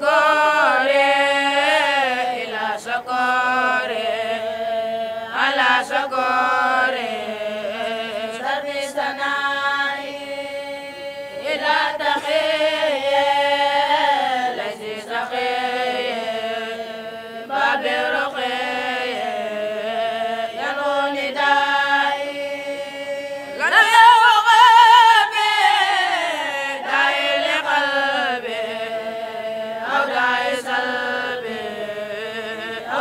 ko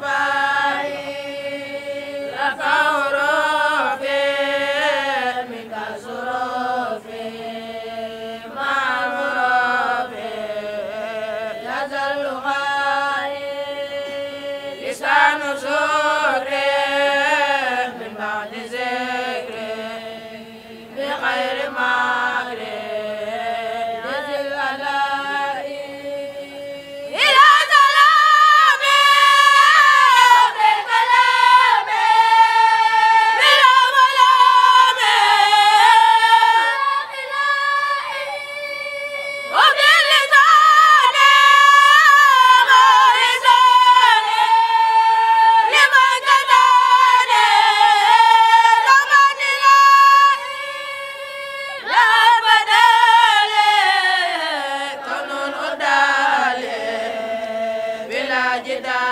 fa sajida